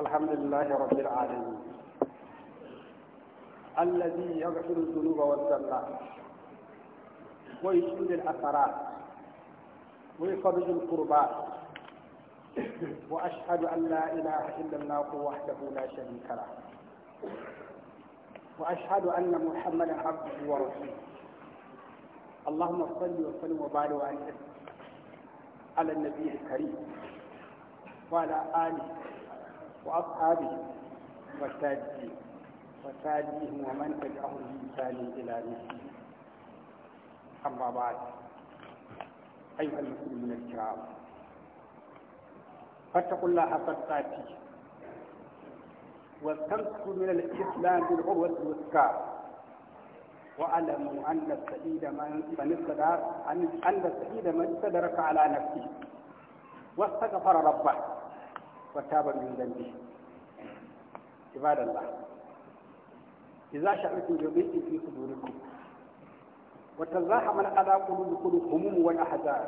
الحمد لله رب العالمين الذي يغفر الذنوب والسرات ويشهد الأثرات ويقبض القربات وأشهد أن لا إله إلا الله وحده لا شريك له وأشهد أن محمدا عبده ورسوله اللهم صل وسلم وبارك وأنعم على النبي الكريم وعلى آله وأصحابه والتابعين وتابعهم ومن تبعهم الإنسان إلى نفسه أما بعد أيها المسلمون الكرام فاتقوا الله حق التاتي واستمسكوا من الإسلام بالعروة الوثقى واعلموا أن السعيد من أن السعيد من استدرك على نفسه واستغفر ربه wataban min dambi ibadallah idza sha'atu jubi'i fi sudurikum wa tazahama ala qulubikum humum wa ahzan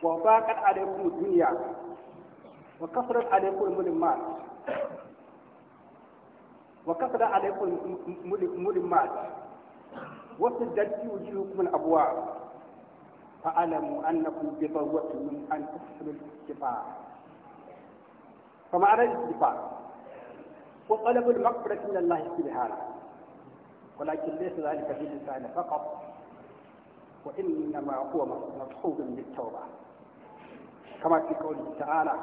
wa baqat alaykum dunya wa kasrat alaykum mulimat wa kasrat alaykum mulimat wa sadati wujuhukum al-abwa fa alamu annakum bi min an tasrul istifa فمعنى الاستغفار وطلب المغفرة من الله سبحانه ولكن ليس ذلك في الإنسان فقط وإنما هو مصحوب بالتوبة كما في قوله تعالى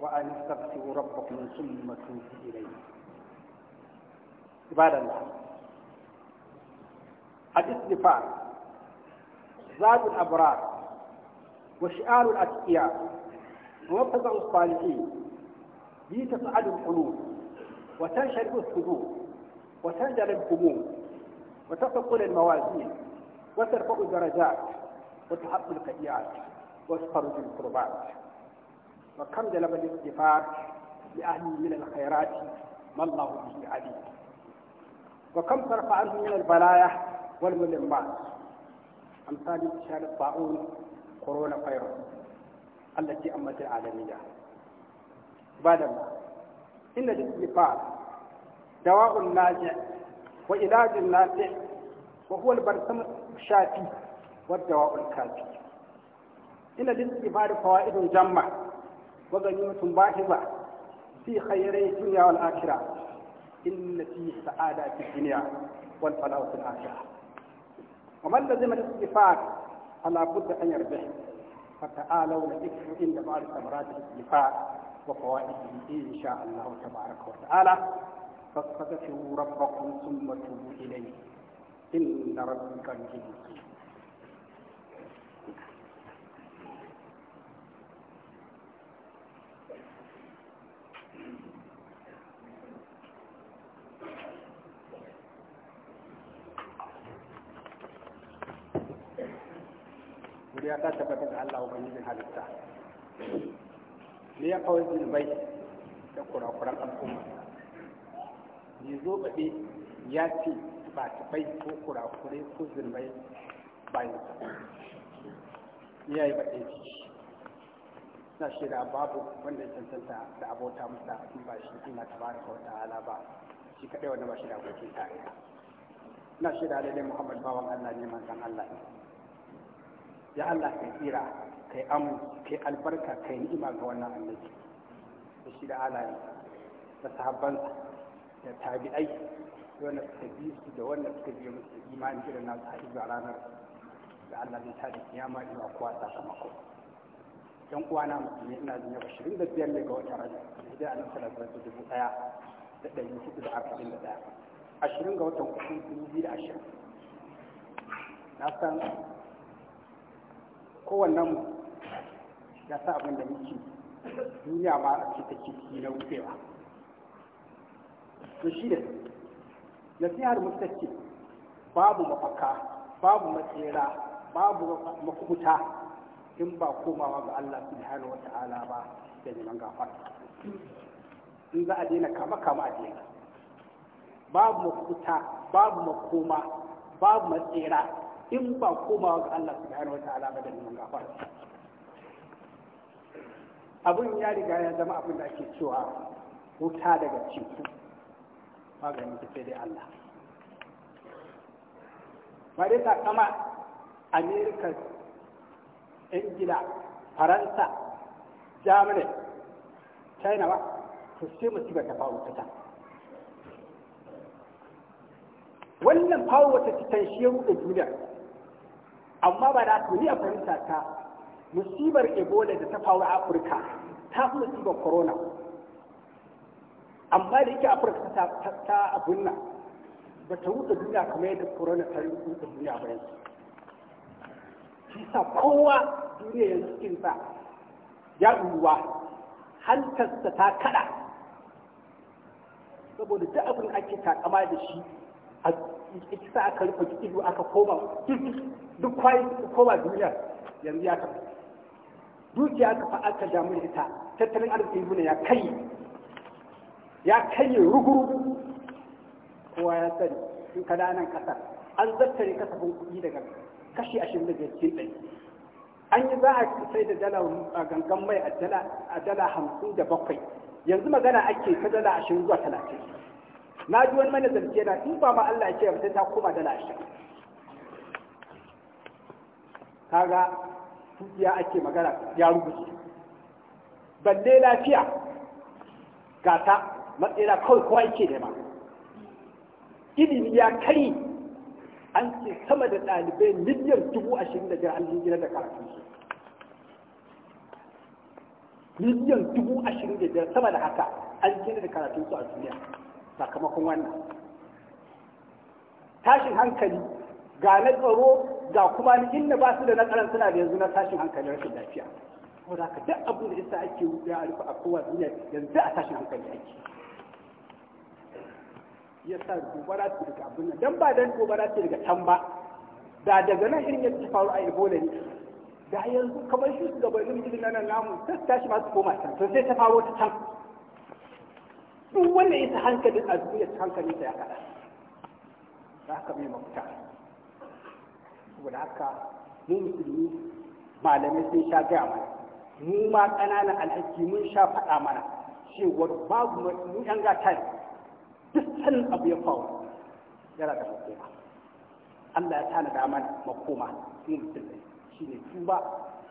وأن استغفروا ربكم ثم توبوا إليه عباد الله الاستغفار زاد الأبرار وشعار الأتقياء ويفزع الصالحين به تصعد القلوب وتنشر الصدور وتنجل الهموم وتثقل الموازين وترفع الدرجات وتحط القيات وتخرج الكربات وكم جلب الاستفاد لأهل من الخيرات ما الله به عليم وكم صرف عنه من البلايا والملمات أمثال انتشار الطاعون كورونا فيروس التي أمت العالمية بعد ما إن الاستغفار دواء ناجع وإلاج نافع وهو البرسم الشافي والدواء الكافي إن الاستغفار فوائد جمة وغنيمة باهظة في خيري الدنيا والآخرة إن فيه سعادة في الدنيا والفلاح في الآخرة ومن لزم الاستغفار فلا بد أن يربح فتعالوا لذكر عند بعض ثمرات الاستيفاء وفوائده إن شاء الله تبارك وتعالى فاستغفروا ربكم ثم توبوا إليه إن ربي قريب halitta ne ya kawai zunubai da kurakuran al'umma ne zo baɗe ya ce ba tafai ko kurakure ko zunubai bayan ya yi baɗe ciki na shaida babu wanda ya cancanta da abota masa in ba shi ina ka wata ta'ala ba shi kaɗai wanda ba shi da abokin tare na da lalle Muhammad bawan Allah ne kan Allah ne. ya Allah ka tsira kai amu kai albarka kai ni'ima ga wannan annabi da shi da alaye da sahabbansa da tabi'ai wanda suka bi su da wannan suka biyo musu imani irin nasu har zuwa ranar da Allah zai tada kiyama a kowa sakamako uwa na musulmi ina jin yau ashirin da biyar ne ga wata da hijira annabi sallallahu alaihi dubu ɗaya da ɗari hudu da arba'in da ɗaya ashirin ga watan uku dubu biyu da ashirin na san kowannen ya sa abin da muke duniya ma a ce take ciki na wucewa to shi da nasihar mutacce babu mafaka babu matsera babu makuta in ba komawa ga Allah subhanahu wa ta'ala ba da neman gafara in za a daina kama kama a daina babu makuta babu makoma babu matsera in ba komawa ga Allah subhanahu wa ta'ala ba da neman gafara abin ya riga ya zama abin da ake cewa wuta daga teku maganin ta sai dai Allah ba dai kama Amerika Ingila Faransa Germany China ba to sai mu musibar ta faru ta wannan fawo wata titan shi ya duniya amma ba da ni a fahimta ta musibar ebola da ta faru a afirka ta fi musibar corona amma da yake afirka ta abin nan ba ta wuce duniya kamar yadda corona ta yi wuce duniya ba yanzu shi sa kowa duniya yanzu cikin sa ya ruwa hantarsa ta kada saboda duk abin ake takama da shi a sa aka rufe ido aka koma duk kwayi koma duniya yanzu ya tafi dukiya aka fa aka damu da ita tattalin arziki ne ya kai ya kai rugu kowa ya sani in ka da nan kasar an zattare kasafin kuɗi daga kashi ashirin da biyar cikin ɗari an yi za a sai da dala a gangan mai a dala hamsin da bakwai yanzu magana ake ta dala ashirin zuwa talatin na ji wani mana zance na in ba ma Allah ya ce sai ta koma dala ashirin kaga dukiya ake magana ya rubuce balle lafiya gata matsayina kawai kowa yake ma ilimi ya kai an ce sama da ɗalibai miliyan dubu ashirin da jihar gina da karatun su miliyan dubu ashirin da biyar sama da haka an gina da karatun su a duniya sakamakon wannan tashin hankali ga na tsaro ga kuma ni inda ba su da nasarar suna da yanzu na tashin hankali rashin lafiya saboda ka duk abin da isa ake ya alfa a kowa duniya yanzu a tashin hankali ake ya sa gobara su daga abin nan dan ba dan gobara su daga can ba da daga nan irin yadda ta faru a Ebola ne da yanzu kamar shi su gaba irin jirgin nan namu sai tashi masu koma can to sai ta faru ta can duk wanda isa hankalin a duniya hankalin ta ya kada za ka mai mafita saboda haka mu musulmi malamai sun sha gaya mana mu ma ƙananan alhaki mun sha faɗa mana cewar babu mu yan gata duk sanin abu ya faru yana da hukuma Allah ya tana da mana makoma mu musulmi ne tuba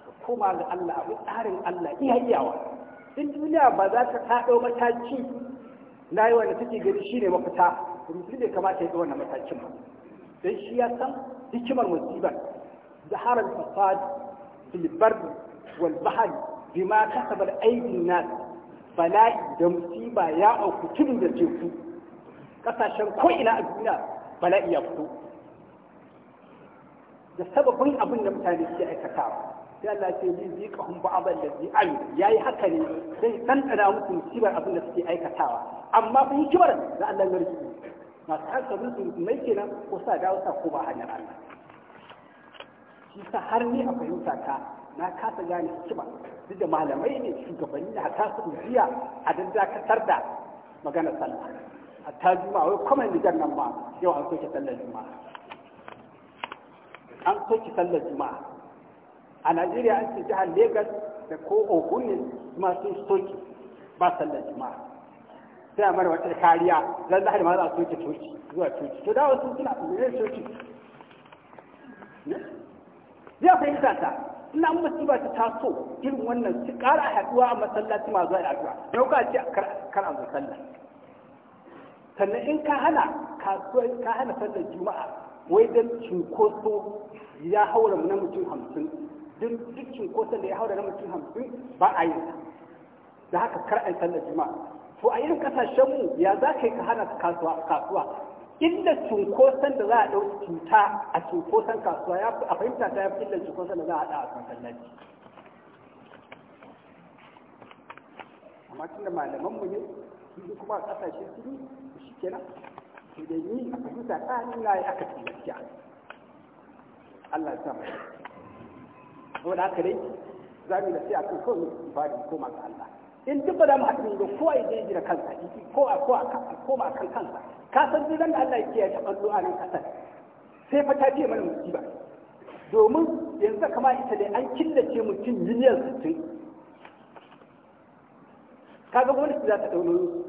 da koma ga Allah abu tsarin Allah iya iyawa in duniya ba za ta kaɗo mataki na yi wanda take gari shine mafita rufi ne kamata ya ɗau wannan matakin ba don shi ya san hikimar musibar zahara al-fasad fil bardi wal bahri bima bala'i da musiba ya auku tudun da teku kasashen ko'ina ina a duniya bala'i ya fito da sababin abin da mutane ke aikatawa sai Allah ce zai zai kahun da zai ayu ya yi haka ne zai ɗanɗana musu musibar abin da suke aikatawa amma fa hikimar da Allah ya masu hankalin su mai kenan ko sa dawo sa ko ba hanyar Allah shi sa har ni a fahimta ta na kasa gane ba, duk da malamai ne shugabanni na ta su biya a dan dakatar da magana sallah a ta juma'a wai kuma ni nan ma yau an soke sallar juma'a an soke sallar juma'a a Najeriya an ce jihar Legas da ko Ogun ne ma sun soke ba sallar juma'a suna mara wata kariya zan zahar ma za su wuce coci zuwa coci to da sun suna ne coci zai fahimta ta ina musiba ta taso irin wannan su kara haduwa a masallaci ma zuwa haduwa yau ka ce kar a sallah sannan in ka hana kasuwa ka hana sallar juma'a wai dan cinkoso ya haura na mutum hamsin don duk cinkoson da ya haura na mutum hamsin ba a yi da haka kar a yi sallar juma'a to a irin kasashenmu ya za ka yi ka hana kasuwa inda cunkoson da za a ɗauki cuta a cunkoson kasuwa ya a fahimta ta ya fi inda cunkoson da za a haɗa a masallaci amma malaman mu ne su kuma a ƙasashe su ne shi kenan su da ni a fahimta ta ni na yi aka fi gaskiya Allah ya sa mai saboda haka dai za mu yi da sai a kan kawai ba da koma ga Allah in duk ba za mu haɗu da kowa ya jira kansa kowa a kowa a kan kansa ka san duk da Allah ya kiyaye taballu a nan kasar sai fa ta ce mana musiba domin yanzu kama ita dai an killace mutum miliyan 60 kaga gwamnati za ta dauno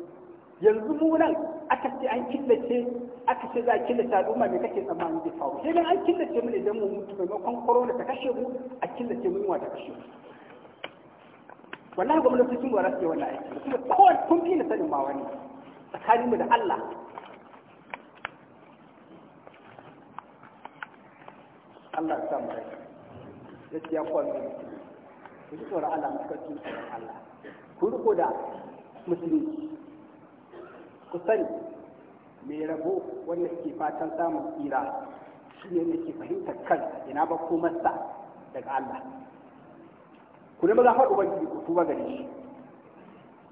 yanzu mu nan aka ce an killace aka ce za a killace al'umma me kake tsammani zai faru sai an killace mu ne dan mu mutu maimakon corona ta kashe mu a killace mu yunwa ta kashe mu wallahi gwamnati sun za su wannan aiki ko kun fi na sanin ma wani tsakanin mu da Allah Allah ya samu rai tsaya kwa ne ku ji tsoron Allah mu karfi tsoron Allah ku riko da musulunci ku sani mai rabo wanda ke fatan samun tsira shi ne ke fahimtar kan ina ba komarsa daga Allah ku nemi zafar ubangiji ku tuba gare shi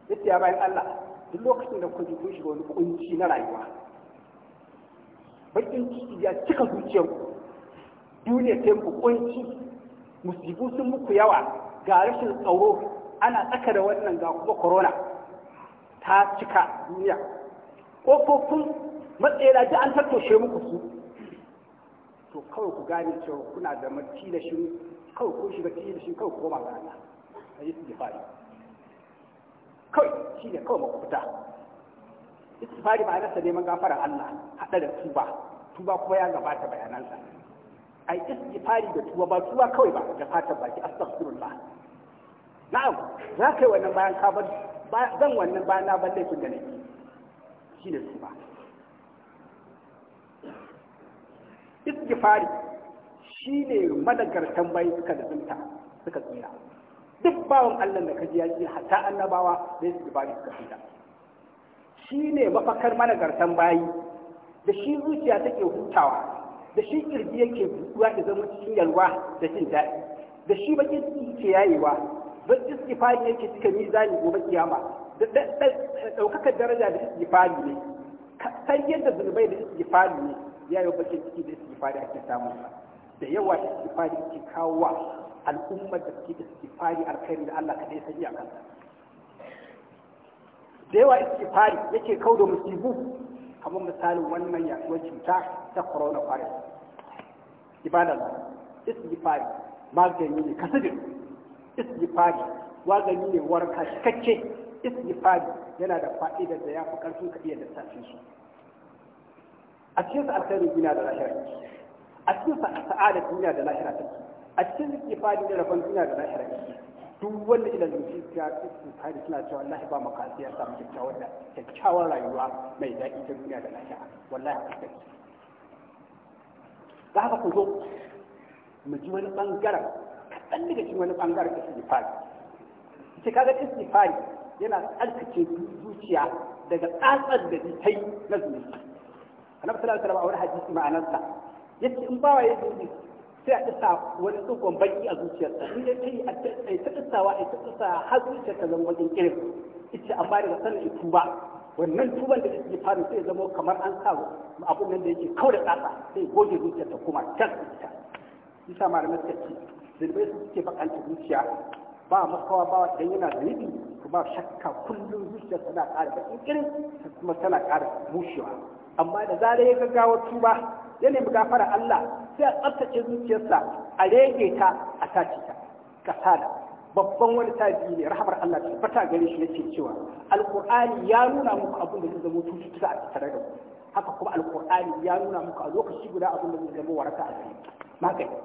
yadda ya bayan Allah duk lokacin da kuka ji kun shiga wani kunci na rayuwa bakin ciki ya cika zuciyar duniya ta yi kunci musibu sun muku yawa ga rashin tsaro ana tsaka da wannan ga kuma corona ta cika duniya Ƙofofin matsayina ji an tattoshe muku su to kawai ku gane cewa kuna da matilashin kawai ko shiga cikin shi kawai koma ba gana a yi jifari kawai shi ne kawai makwabta istifari nasa neman gafara Allah haɗa da tuba tuba kuma ya gabata bayanansa ai istifari da tuba ba tuba kawai ba da fatan baki astaghfirullah na'am za ka yi wannan bayan ka bar zan wannan bayan na bar laifin da nake shi ne tuba istighfari shi ne madagartan tambayi suka da tsinta suka tsira duk bawan Allah da kaji ya ce hatta annabawa zai su bari suka tsira shi ne mafakar madagartan bayi da shi zuciya take hutawa da shi kirji yake buɗuwa da zama cikin yalwa da jin daɗi da shi bakin ciki ke yayewa don istifari yake cika mizani gobe kiyama ɗaukakar daraja da istifari ne san yadda zunubai da istifari ne ya yi bakin ciki da istifari ake samun sa da yawa istighfari ke kawo wa al'ummar da suke istifari alkhairi da Allah kadai sai iyakan da yawa istifari yake kawo da musibu kamar misalin wannan yaduwar cuta ta coronavirus ibadan istighfari magani ne kasabin istifari magani ne warka cikakke istifari yana da fa'idar da ya fi karfin ka iya lissafin su a cikin alkhairin gina da lahiyar a cikin sa'ada duniya da lahira ke a cikin zuke fadi da rabon duniya da lahira ke duk wanda ila zuci ya tsitsi fadi suna cewa wallahi ba makasi ya samu kyakkyawar da kyakkyawar rayuwa mai daɗi ta duniya da lahira wallahi haka take da haka ku zo mu ji wani bangaren kaɗan daga cikin wani bangaren fadi ita kaga istifari yana tsarkake zuciya daga tsatsar da ta yi na zuci. annabi sallallahu alaihi wasallam a wani hadisi ma'anarsa yace in bawa ya dubi sai a ɗasa wani tsogon baki a zuciyarsa in dai yi a ta wa a ta ɗasa har ta zama wajen irin ita amma daga sanin tuba wannan tuban da take fara sai zama kamar an sa abun nan da yake kawai tsatsa sai goge zuciyarta kuma can ita isa malamai suka ce zirbai su suke bakanta zuciya ba makawa ba dan yana zaibi ba shakka kullum zuciya tana ƙara bakin irin kuma tana ƙara bushewa amma da zarar ya gaggawa tuba ya nemi gafara Allah sai a tsaftace zuciyarsa a rege ta a tace ta kasala babban wani tabi ne rahamar Allah ta fata gare shi yace cewa alqur'ani ya nuna muku abin da zai zama cututtuka a tattare da ku haka kuma alqur'ani ya nuna muku a lokaci guda abin da zai zama waraka a cikin magani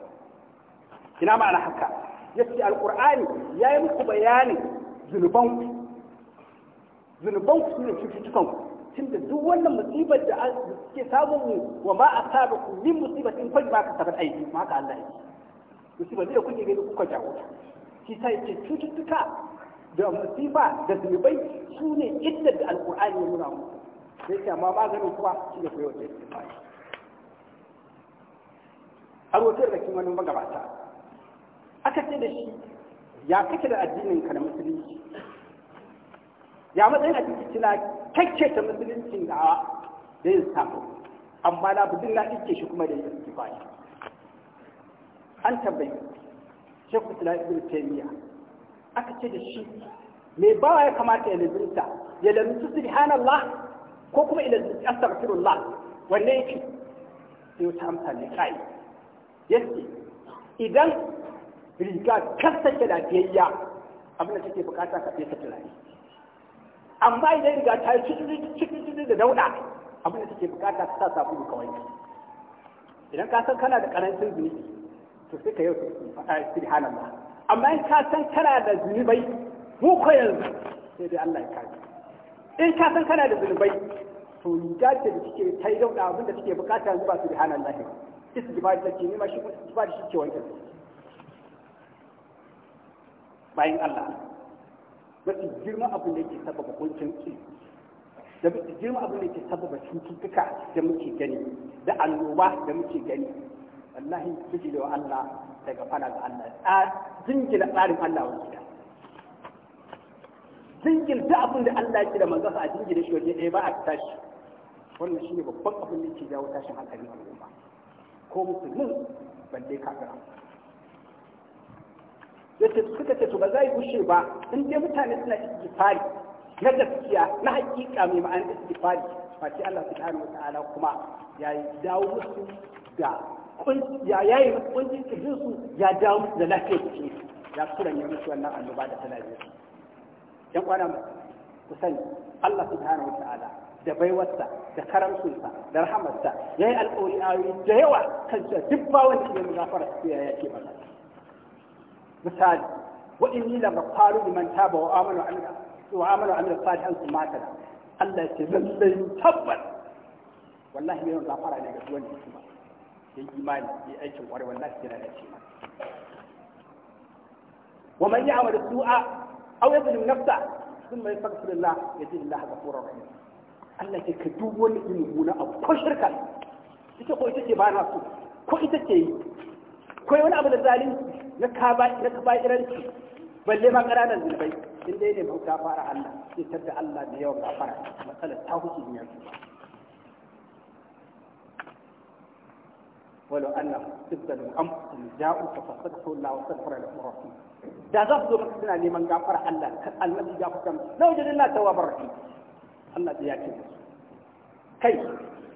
ina ma'ana haka yace alqur'ani ya yi muku bayanin zunubanku zunubanku ne ku. tunda duk wannan musibar da suke samun mu wa ma asabakum min musibatin fa ka kasabat aiki ma ka Allah yake musibar da kuke gani kuka jawo shi sai yake cututtuka da musiba da zubai su ne illar da alqur'ani ya nuna mu sai ce amma maganin kuwa shi ne koyo da istighfar har wata da kin wani magabata aka ce da shi ya kake da addinin ka na musulunci ya matsayin a cikin cila kakke ta musuluncin da da yin samu amma na budin na ɗike shi kuma da yin istifai an tambayi shekul islam ibn taymiya aka ce da shi mai bawa ya kamata ya lazimta ya lazimta subhanallah ko kuma ya lazimta astaghfirullah wanne yake sai wata amsa ne kai yace idan riga kasance biyayya, abin da take bukata ka fesa tunani amma idan riga ta yi cikin da dauda abin da take bukata ta sa sabulu kawai idan ka san kana da karancin zunubi to sai ka yau faɗa subhanallah amma in ka san kana da zunubai mu ko yanzu sai dai Allah ya kare in ka san kana da zunubai to riga ce da take ta yi dauda abin da take bukata zuba subhanallah isgibari take nima shi isgibari shi ke wanke bayan Allah mafi girma abin da ke sababa kuncin ki da mafi girma abin da yake sababa cututtuka da muke gani da annoba da muke gani wallahi kiji da Allah daga fara ga Allah a jingila tsarin Allah wa gida jingil da abin da Allah yake da manzo a jingila shi waje ɗaya ba a tashi wannan shine babban abin da yake jawo tashin hankali al'umma ko musulmi balle kafira yace suka ce to ba za yi gushe ba in dai mutane suna istighfari na gaskiya na hakika mai ma'anar istighfari face Allah subhanahu wataala kuma ya dawo musu da ya yayi musu kuncin su ya dawo musu da lafiyar jiki ya kuran ne musu wannan annoba da talabi yan kwana ku sani Allah subhanahu wataala da baiwarsa da karamsunsa da rahamarsa ya yi alƙawari da yawa kan duk bawan da ya mu gafara ya yake masa misali wa inni la ghafaru liman taba wa amanu amila wa amanu amila salihan su mata Allah ya ce lallai tabbas wallahi mai gafara ne ga duwan hikima ya yi imani ya aikin kwarai wallahi yana da shi wa man ya'mal su'a aw yadhlim nafsa thumma yastaghfir Allah yajid Allah ghafurur rahim Allah ke ka duk wani ilimi na abu ko shirka ita ko ita ce ba na so ko ita ce yi ko wani abu da zalunci نكبر نكبر نكبر نكبر ولو أن تبدل الأمر إن جاءوا فصدقه الله وصدقه إلى الرسول دا غفظ مقصدنا لمن جعفر الله المسي جعفر كم لا وجد الله تواب الرحيم الله بياتي كيف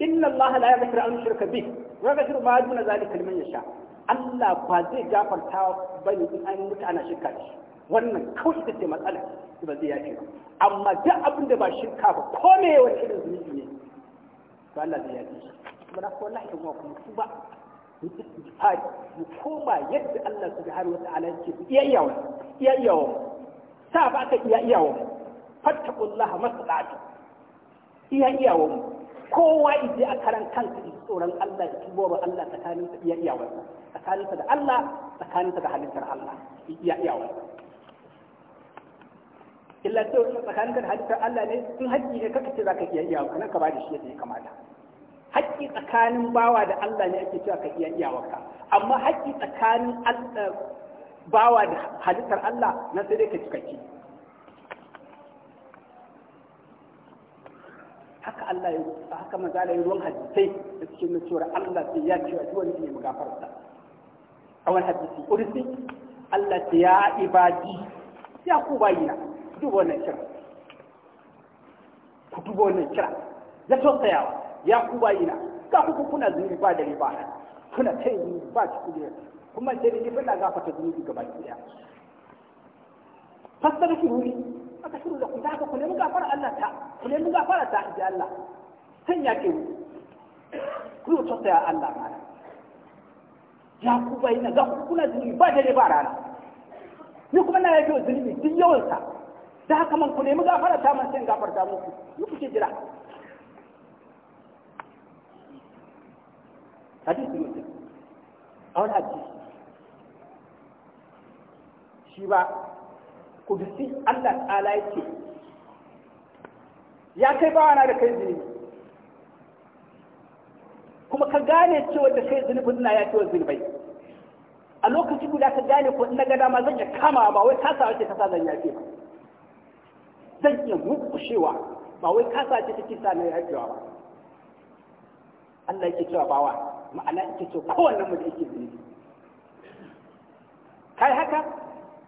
إن الله لا يغفر أن يشرك به ويغفر ما أدون ذلك لمن يشاء Allah ba zai gafarta ba ne in an mutu ana shirka da shi wannan kawai ita ce matsala ba zai yafe ba amma duk abin da ba shirka ba ko me yawan irin zunubi ne to Allah zai yafe shi kuma na ko wallahi kuma kuma ku ba mu istighfar mu koma yadda Allah subhanahu wata'ala yake iya iyawa iya iyawa sa ba ka iya iyawa fattaqullaha masalaatu iya iyawa mu kowa ije a karan kansa ji tsoron Allah ji tubo Allah ta iya iyawarsa ta da Allah ta da halittar Allah iya iyawarsa illa tsakanin ta da halittar Allah ne sun haƙƙi ne kaka ce za ka iya iyawarka nan ka ba da shi yadda ya kamata haƙƙi tsakanin bawa da Allah ne ake cewa ka iya iyawarka amma haƙƙi tsakanin bawa da halittar Allah na sai dai ka ci. haka Allah ya haka manzala ya ruwan hadisai da suke nuna cewa Allah sai ya ce a duk wanda ya magafarta a wani hadisi kursi Allah sai ya ibadi ya ku na duba wannan kira ku duba wannan kira ya tausayawa ya ku na ga ku kuna zunubi ba da riba kuna kai zunubi ba ci kudi kuma sai da ni bin da gafarta zunubi gaba ki daya fassara shi wuri aka shiru da ku ta haka ku nemi gafara Allah ta ku nemi gafara ta Allah san ya ke ku yi tausaya Allah ma ya ku bai na ga kuna zunubi ba dare ba rana ni kuma na yake zunubi duk yawansa da haka man ku nemi gafara ta man sai gafarta muku ni kuke jira hadisi ne a wani hadisi shi ba kudusi Allah ta'ala yake ya kai bawana da kai zunubi kuma ka gane cewa da kai zunubin na ya cewa zunubai a lokaci guda ka gane ko na gada ma zan iya kama ba wai kasa wace kasa zan yafe ba zan iya mukushewa ba wai kasa ce take sa na yafewa ba Allah yake cewa bawa ma'ana yake cewa kowannen mu da yake zunubi kai haka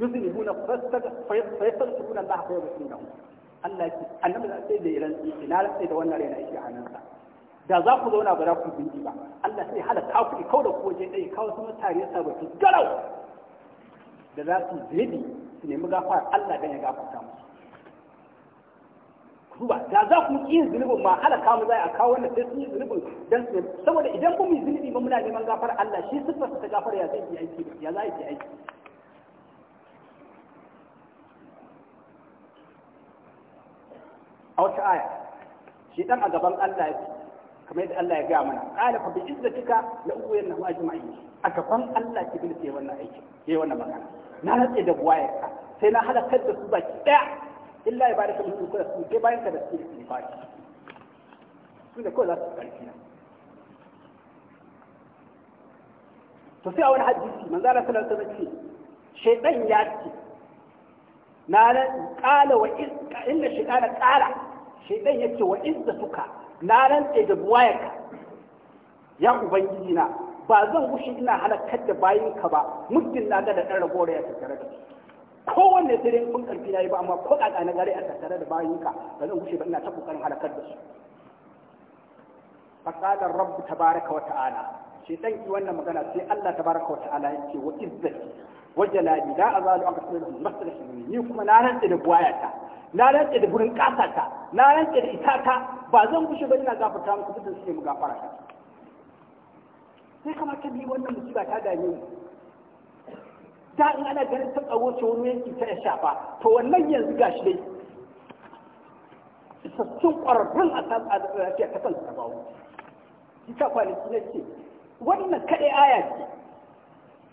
yuzlihuna fayastaghfiruna Allah fa yaghfiruhu Allah ki annabi sai da yaran na sai da wannan rayuwa nan sa da za ku zauna ba za ku bindi ba Allah sai halaka ku kau da ku waje ɗaya kawo su ba su garau da za su zedi su nemi gafara Allah dan ya gafarta musu duba da za ku yi zunubin ma halaka mu zai a kawo wannan sai sun yi zunubin dan su saboda idan ba mu yi zunubi ba muna neman gafar Allah shi sifarsa ta gafar ya zai yi aiki ya za yi aiki aya shi dan a gaban Allah yake kamar yadda Allah ya ga mana qala fa bi izzatika la uwaynahu ajma'in a gaban Allah kibin sai wannan aiki sai wannan magana na rantsa da buwayarka sai na halakar da su baki daya illa ya bada kamar su kula su sai bayan ka da su ne fadi su da kawai za su karfi na to sai a wani hadisi manzo Allah sallallahu alaihi wasallam ce ya ce na qala wa in inna shaytana qala shaidan yake wa suka na rantse da buwayarka ya ubangiji na ba zan gushi ina halakar da bayinka ba muddin na ga da ɗan ragowar ya tattare da su kowanne sai kun karfi na yi ba amma ko ƙaƙa na gare a tattare da bayinka ba zan gushe ba ina ta ƙoƙarin halakar da su Fasadar rabu tabaraka wa ta'ala ki wannan magana sai Allah tabaraka wa ya ce wa izzati wajalali a azalu an kasar da masar shi ni kuma na rantsa da buwayata na rantsa da burin kasata na rantsa da itata ba zan kushe ba ina gafarta muku dukkan su ne mu gafara ta sai ta ni wannan musiba ta dame mu da in ana ganin ta tsawo ce wani yanki ta ya shafa to wannan yanzu gashi dai isassun ƙwararrun a kasar da bawo ita kwanaki na ce wannan kaɗai aya ce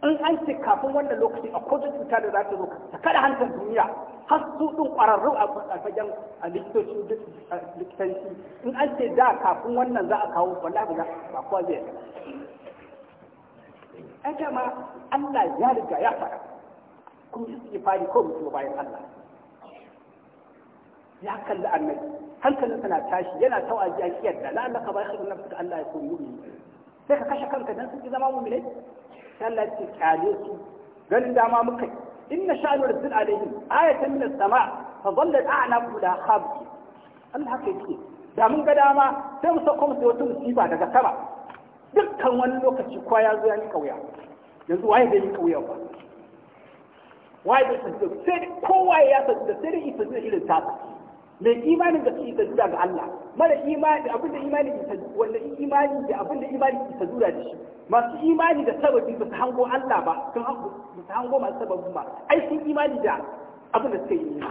in an ce kafin wannan lokaci a kotun cuta da za ta zo ta kada hantar duniya har su ɗin ƙwararru a fagen a likitanci in an ce da kafin wannan za a kawo wallahi ba ba kowa zai an ce ma Allah ya riga ya faɗa kuma su ke fari ko mutum bayan Allah ya kalli annabi hankali suna tashi yana tawazi a kiyar da la'allaka ka ya shirin nafsu Allah ya so yi sai ka kashe kanka dan sun ki zama mu ne Allah ce kyale su ganin dama muka inna sha'anu rasul alaihim ayatan min as-sama fa dhallat a'na kula khabki Allah haka yake da mun ga dama sai mu sako musu wata musiba daga sama dukkan wani lokaci kowa ya zo ya ni kauya yanzu waye bai ni kauya ba waye bai san sai kowa ya san da sai dai isa irin tasa mai imanin da suke zuwa ga Allah mara imani abin da imani ke wanda imani da abin da imani ke zuwa da shi masu imani da sababi ba su hango Allah ba sun hango ba su hango masu sababin ba ai sun imani da abin da suka yi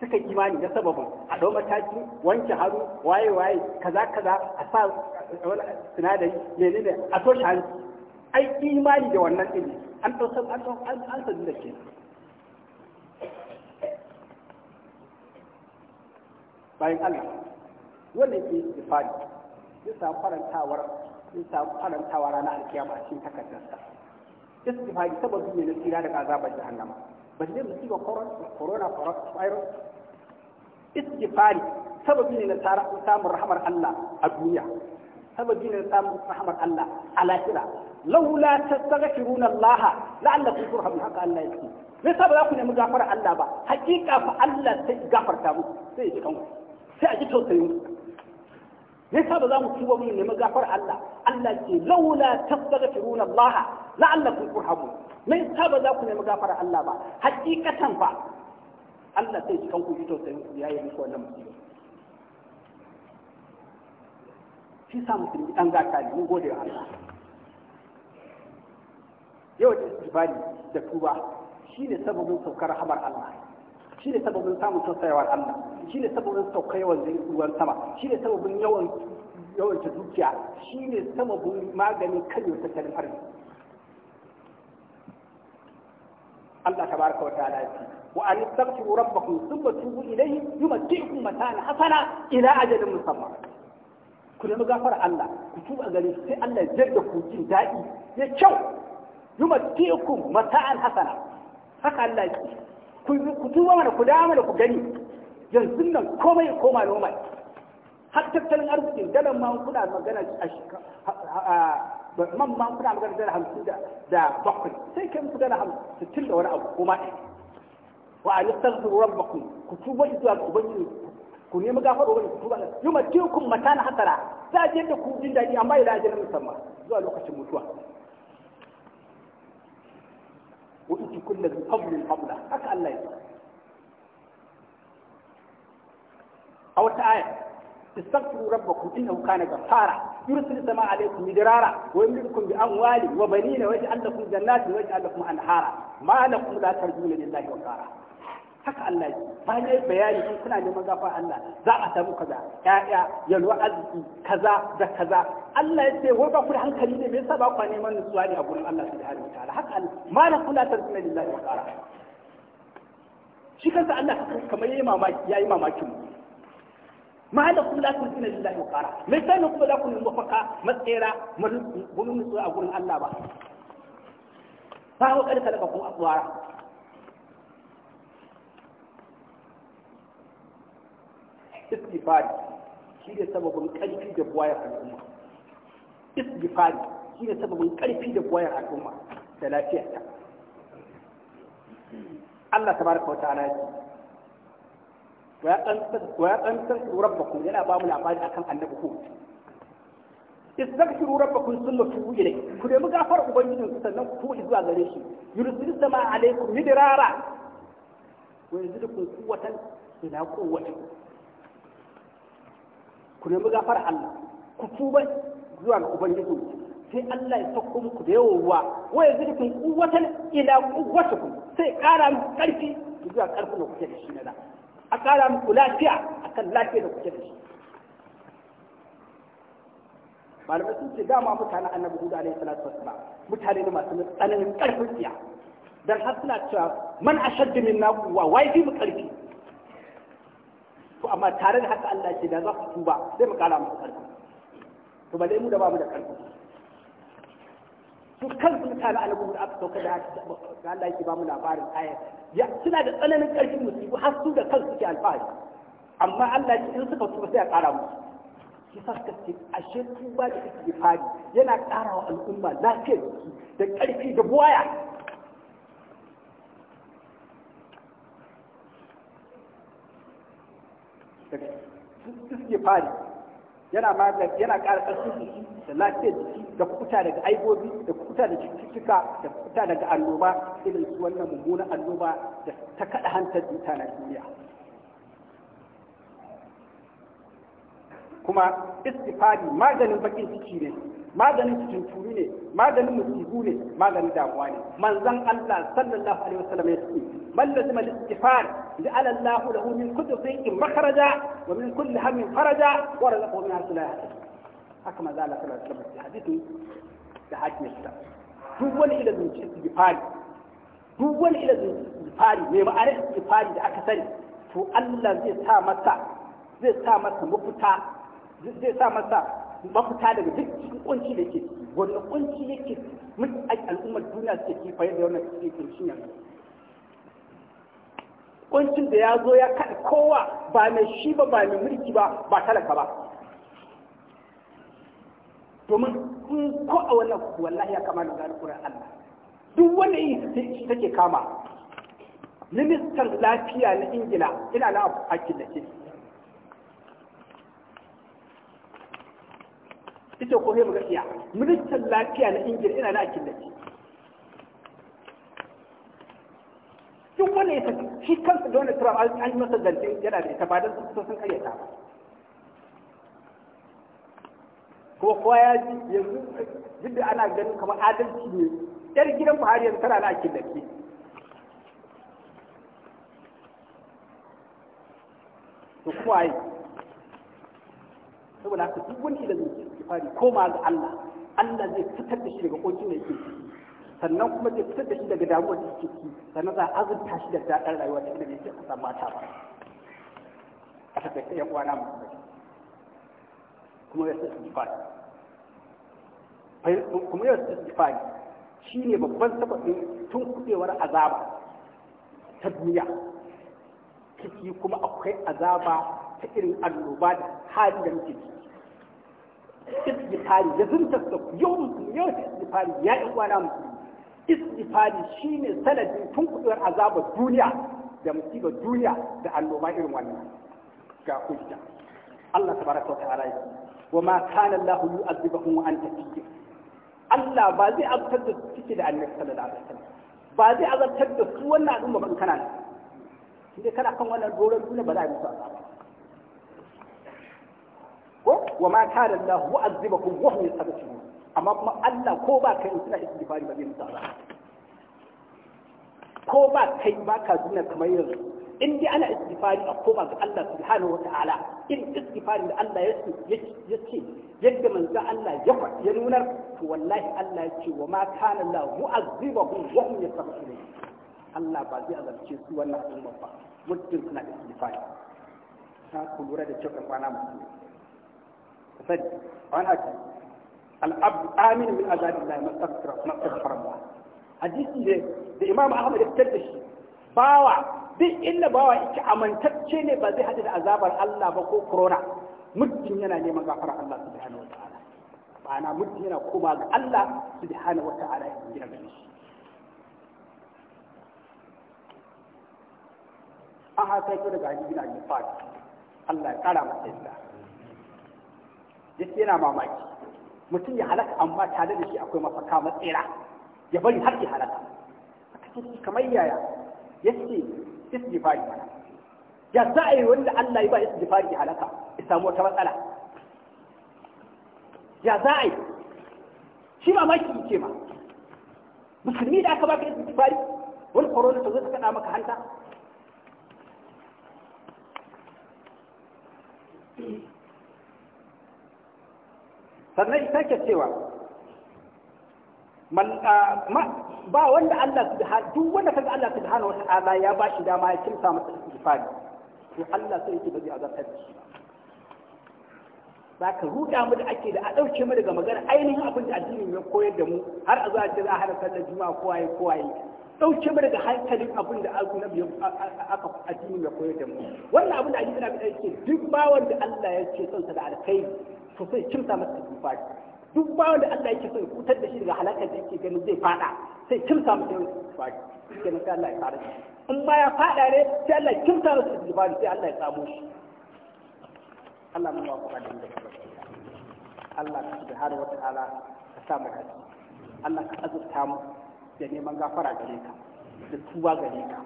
suka imani da sababin a dau mataki wanke haru waye waye kaza kaza a sa sinadari menene a toshe hanci ai imani da wannan din an dau an dau an sadu da ke bayan Allah wanda yake istifari zai samu farantawar zai samu farantawa ranar alkiyama a cikin takardarsa istifari saboda ne na tsira daga azabar jahannama ba zai musu musiba corona virus istifari sababi ne na samun rahamar Allah a duniya sababi ne na samun rahamar Allah a lahira laula tastaghfiruna Allah la'allakum turhamun haka Allah yake me yasa ba za ku nemi gafara Allah ba hakika fa Allah sai gafarta muku sai ya ji kanku sai a ji tausayin ne sa ba za mu tuba mu nemi gafar Allah Allah ke laula tastaghfiruna Allah la'allakum turhamun ne sa ba za ku nemi gafar Allah ba hakikatan fa Allah sai cikan ku ji tausayin ku yayi muku wannan musiba shi sa musulmi dan gata ne mun gode wa Allah yawan istighfari da tuba shine sababin saukar hamar Allah shi ne sababin samun sassayawar Allah shi ne sababin saukaiwar ruwan sama shi ne sababin yawan yawanta dukiya shi ne sababin maganin karyar tattalin arziki Allah ta tabaraka wa ta'ala ya ce wa an tastaghfiru rabbakum thumma tubu ilayhi yumatti'ukum mata'an hasana ila ajalin musamma ku nemi gafara Allah ku tuba gare shi sai Allah ya jarda ku jin daɗi ya kyau yumatti'ukum mata'an hasana haka Allah ya ku duba mana ku dama da ku gani yanzu nan komai koma normal har tattalin arzikin dalar ma kuna magana a man ma kuna magana dala hamsin da bakwai sai kai muku dala hamsin da wani abu koma ɗaya wa a yi sarfin bakwai ku tuba zuwa ku ubangiji ku nemi gafar ruwan ku tuba yi matiku mata na hasara za a je da ku jin daɗi amma ila ajiyar musamman zuwa lokacin mutuwa wa uti kullu bi fadlin fadla haka Allah ya ce a wata aya tastaghfiru rabbakum innahu kana ghaffara yursil samaa alaykum midrara wa yumdidukum bi amwali wa banina wa yaj'al lakum jannatin wa yaj'al lakum anhara ma lakum la tarjuna lillahi wa qara haka Allah ya bayan bayani in kuna neman gafar Allah za a samu kaza ya'ya yalwa arziki kaza da kaza Allah ya ce wai ba ku da hankali ne me yasa ba ku neman nutsuwa ne a gurin Allah subhanahu wataala haka ma na kula tarsuna lillahi wa qara shi kansa Allah kamar yayi mamaki yayi mamakin mu ma da kula tarsuna lillahi wa qara me yasa ne kuma za ku nemi mafaka matsera gurin nutsuwa a gurin Allah ba fa wa kada kada ku aswara istighfar shi ne sababin ƙarfi da buwayar al'umma istighfari shi ne sababin ƙarfi da goyon al'umma da lafiyarta Allah tabaraka wa ta'ala ya wa ya rabba ku yana ba mu labari akan annabi ko istaghfiru rabbakum thumma tubu ne ku nemi gafar ubangijin ku sannan ku tubu zuwa gare shi yursilu sama alaikum midrara wa kun quwwatan ina kowace? ku nemi gafar Allah ku tuba zuwa ga ubangiji sai Allah ya sauko muku da yawowa wa yazidkum quwwatan ila ku sai ƙara muku ƙarfi zuwa ƙarfin da kuke da shi na da a ƙara muku lafiya a kan lafiya da kuke da shi malamai sun ce dama mutanen annabi hudu alaihi salatu wassalam mutane ne masu tsananin ƙarfin tsiya dan har suna cewa man ashaddu minna quwwa wai fi mu ƙarfi to amma tare da haka Allah ya ce da za ku tuba sai mu ƙara muku ƙarfi to balle mu da mu da karfi su kansu mutane alamun da aka sauka da Allah yake ba mu labarin ayat ya suna da tsananin karfin musibu har su da kansu suke alfahari amma Allah yake in suka tuba sai ya kara musu shi fuskar ce ashe tuba da kake fadi yana kara wa al'umma lafiyar jiki da karfi da buwaya suke fadi yana magani yana ƙara ƙarfin jiki da lafiyar jiki da kuta daga aibobi da kuta da cututtuka da kuta daga annoba irin su wannan mummunan annoba da ta kaɗa hantar cuta na duniya kuma istifadi maganin bakin ciki ne maganin cututuru ne maganin musibu ne maganin damuwa ne manzon Allah sallallahu alaihi wasallam ya ce man lazima al-istighfar ja'ala Allahu lahu min kulli shay'in makhraja wa min kulli hammin faraja wa razaqahu min hasanatin haka manzon Allah sallallahu alaihi wasallam ya hadisi da hakimin sa duk wani ilimin istighfar duk wani ilimin istighfar mai ma'anar istighfar da aka sani to Allah zai sa masa zai sa masa mafita zai sa masa mafita daga duk cikin kunci da ke wanda kunci yake a al'ummar duniya suke ci fa yadda wannan suke kunci yanzu kuncin da ya zo ya kaɗa kowa ba mai shi ba ba mai mulki ba ba talaka ba domin in ko a wannan wallahi ya kama da gani kuran Allah duk wanda yi take kama ministan lafiya na ingila ina na da ke ita ko sai magaskiya ministan lafiya na ingila ina na a killace duk wanda ya saki shi kansa donald trump an yi masa zance yana da ita ba don sun sun karyata ba kuma kowa ya ji yanzu duk ana ganin kamar adalci ne yar gidan buhari yanzu tana na a killace to kuma ai saboda haka duk wani ilimin istighfari koma ga Allah Allah zai fitar da shi daga kokin da yake sannan kuma zai fitar da shi daga damuwar da yake ciki sannan za a azurta shi da daɗin rayuwa ta inda yake a samu mata ba a taƙaice yan uwana mu kuma ya istighfari kuma ya istighfari shine babban sababin tun kudewar azaba ta duniya ciki kuma akwai azaba ta irin annoba da hali da muke ciki ta da zuntarsa yawan yawan istighfari ya yi ɗan uwana musulmi shi ne sanadin tun tunkuɗewar azabar duniya da musibar duniya da annoba irin wannan ga hujja Allah tabaraka wa ta'ala ya wa ma kana Allah yu'adhibuhum wa anta fihi Allah ba zai azabtar da su cike da Annabi sallallahu alaihi wasallam ba zai azabtar da su wannan al'umma ba in kana ne kana kan wannan doron duniya ba za a yi musu azaba ko wa ma kana Allah mu'azzibakum wa hum yastaghfirun amma kuma Allah ko ba kai suna istighfari ba zai musu azaba ko ba kai ba ka zuna kamar yanzu in dai ana istighfari a koma ga Allah subhanahu wata'ala in istighfari da Allah ya ce yadda manzo Allah ya ya nunar to wallahi Allah ya ce wa ma kana Allah mu'azzibahum wa hum yastaghfirun Allah ba zai azabce su wannan umma ba muddin suna istighfari ta ku da cewa kwana musulmi sani wani haji al'abdu amin min azabin lahi mastaghfir Allah hadisi ne da Imam Ahmad ya fitar da shi bawa duk inda bawa yake amantacce ne ba zai hadu da azabar Allah ba ko corona muddin yana neman gafara Allah su subhanahu wa ta'ala ma'ana muddin yana koma ga Allah su subhanahu wa ta'ala ya gina gare shi an haka daga hadisi na Allah ya kara masa yadda duk yana mamaki mutum ya halaka amma tare da shi akwai mafaka matsira ya bari har ya halaka kamar yaya yace istighfari mana ya za a yi wanda Allah ya ba istighfari ya halaka ya samu wata matsala ya za a yi shi mamaki ke ma musulmi da aka baka istighfari wani korona ta zo ta kada maka hanta sannan ita ke cewa ba wanda Allah subhanahu duk wanda kaga Allah subhanahu wa ta'ala ya ba shi dama ya kimsa masa istighfari to Allah sai yake bazai azabtar da shi ka ruda mu da ake da a dauke mu daga magana ainihin abin da addinin ya koyar da mu har a zuwa da har sallar juma'a ko ayi dauke mu daga hankalin abin da annabi aka addinin ya koyar da mu wannan abin da addinin ya koyar duk bawon da Allah ya ce sonsa da alkhairi sosai sai kimta masa istighfari duk bawan da Allah yake so ya kutar da shi daga halakar da yake ganin zai fada sai sa masa yawan ke nan sai Allah ya fara shi in ma ya fada ne sai Allah kimta masa istighfari sai Allah ya samu shi Allah mun ba ku hadin da Allah subhanahu wa ta'ala ka sa mu dace Allah ka azurta mu da neman gafara gare ka da tuba gare ka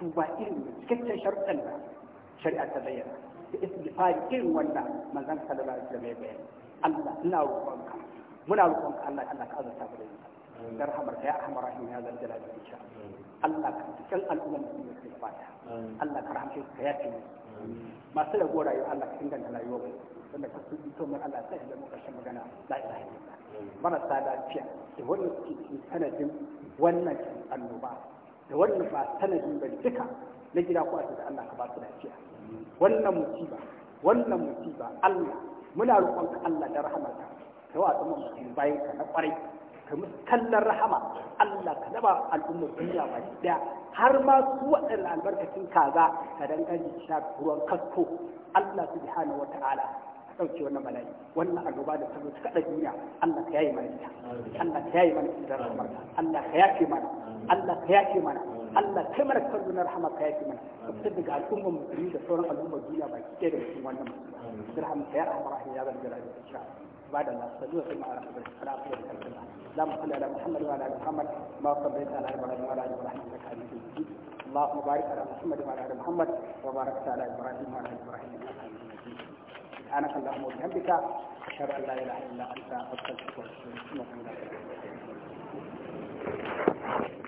tuba irin cikakken sharuɗan da shari'a ta bayyana da istighfari irin wanda manzon sallallahu alaihi wasallam ya bayani Allah ina roƙonka muna roƙonka Allah Allah ka azurta mu da ni da rahamarka ya arhamar rahim ya zal jalali Allah ka cikin Allah ka ka masu da Allah ka inganta rayuwar mu wanda ka su Allah sai da muka magana la ilaha illallah marasa lafiya da wanda suke sanadin wannan annoba da wannan ba sanadin bane duka na gida ko a da Allah ka ba su lafiya wannan musiba wannan musiba Allah muna roƙon ka Allah da rahamarka Ka wa al'umma mutum bayan ka na kwarai ka musu kallon rahama Allah ka daba al'umma duniya ba daya har ma su waɗanda albarkacin kaza ka dangane sha ruwan kasko Allah subhanahu wata'ala ka ɗauke wannan bala'i wannan annoba da ta zo ta kaɗa duniya Allah ka yayi mana ita Allah ka yayi mana ita da rahamarka Allah ka yafe mana Allah ka yake mana Allah kai mana kallo na rahama ka yake mana ka fitar daga al'ummar musulmi da sauran al'ummar duniya baki ɗaya daga cikin wannan musulmi dirham ka ya rahama rahim ya zalgara da insha بعد الله صلى الله عليه وسلم على خير خلق الله اللهم صل على محمد وعلى محمد ما صليت على ابراهيم وعلى ال ابراهيم انك حميد على محمد وعلى محمد وبارك على ابراهيم وعلى ابراهيم انك حميد مجيد سبحانك اللهم وبحمدك اشهد لا اله الا انت استغفرك واتوب اليك